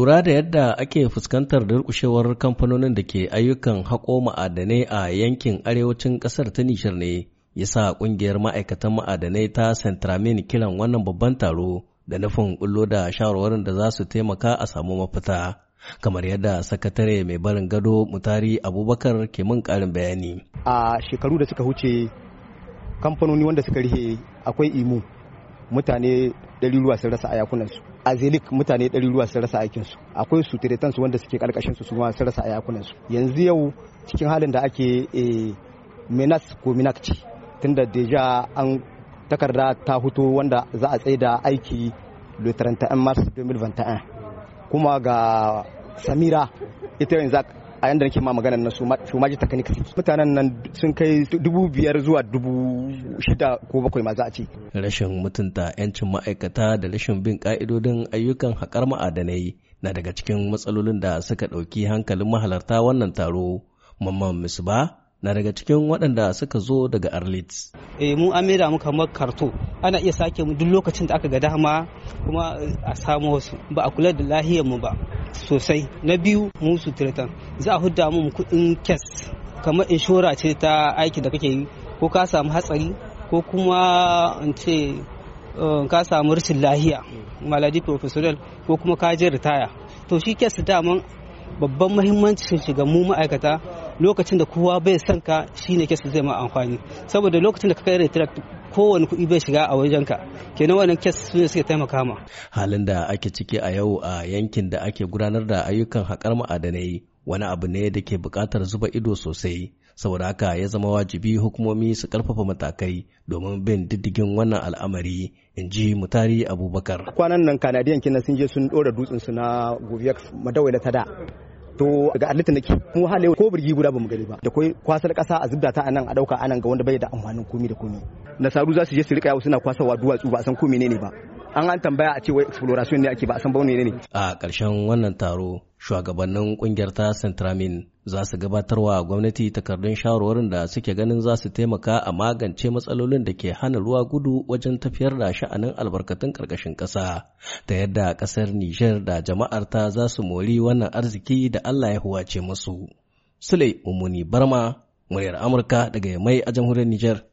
Lura da yadda ake fuskantar durƙushewar kamfanonin da ke ayyukan haƙo ma'adanai a yankin arewacin ƙasar ta Nishar ne, ya sa ƙungiyar ma'aikatan ma'adanai ta Centramin kiran wannan babban taro da nufin ƙullo da shawarwarin da za su taimaka a samu mafita. Kamar yadda sakatare mai barin gado Mutari Abubakar ke min ƙarin bayani. A shekaru da suka huce kamfanoni wanda suka rihe akwai imu mutane ɗaruruwa sun rasa ayakunansu a zelik mutane ɗaruruwa sun rasa aikinsu akwai su su wanda suke ƙarƙashin su sun rasa ayakunansu yanzu yau cikin halin da ake eh, menas ko minakci tunda deja an takarda ta hoto wanda za a da aiki le mars 2021 kuma ga samira ita yanzu a yanda nake ma magana na su maji techniques mutanen nan sun kai dubu biyar zuwa dubu shida ko bakwai ma za a ce rashin mutunta 'yancin ma'aikata da rashin bin ka'idodin ayyukan haƙar ma'adanai na daga cikin matsalolin da suka ɗauki hankalin mahalarta wannan taro mamman misba na daga cikin waɗanda suka zo daga arlit eh mu an mu kamar karto ana iya sake mu duk lokacin da aka ga dama kuma a samu wasu ba a kula da lahiyar mu ba sosai na biyu mu sutiritan za a hudda mu kuɗin kes kamar inshora ce ta aiki da kake yi ko ka samu hatsari ko kuma in ce eh, ka samu rashin lahiya maladi professional ko kuma ka je ritaya to shi kes daman babban mahimmancin shiga mu ma'aikata lokacin da kowa bai son ka shine kes zai ma amfani saboda lokacin da ka kai retract kowane kuɗi bai shiga a wajenka kenan wannan kes ne suke taimaka ma halin da ake ciki a yau a yankin da ake gudanar da ayyukan haƙar ma'adanai wani abu ne da ke buƙatar zuba ido sosai saboda haka ya zama wajibi hukumomi su ƙarfafa matakai domin bin diddigin wannan al'amari in ji mutari abubakar kwanan nan kanadiyan kinan sun je sun ɗora dutsen su na gubiyar madawai na da. to daga alitin nake mu hale ko birgi guda bamu gani ba da kai kwasar kasa a zubda ta anan a dauka anan ga wanda bai da amfanin komi da komi nasaru za su je su rika yawo suna kwasarwa duwatsu ba san ko menene ba an an tambaya a ce wai exploration ne ake ba a san bauni ne ne a ƙarshen wannan taro shugabannin kungiyar ta Centramin za su gabatarwa gwamnati takardun shawarwarin da suke ganin za su taimaka a magance matsalolin da ke hana ruwa gudu wajen tafiyar da sha'anin albarkatun ƙarƙashin ƙasa ta yadda ƙasar Nijar da jama'ar ta za su mori wannan arziki da Allah ya huwace musu. Sule Umuni Barma, muryar Amurka daga mai a jamhuriyar Nijar.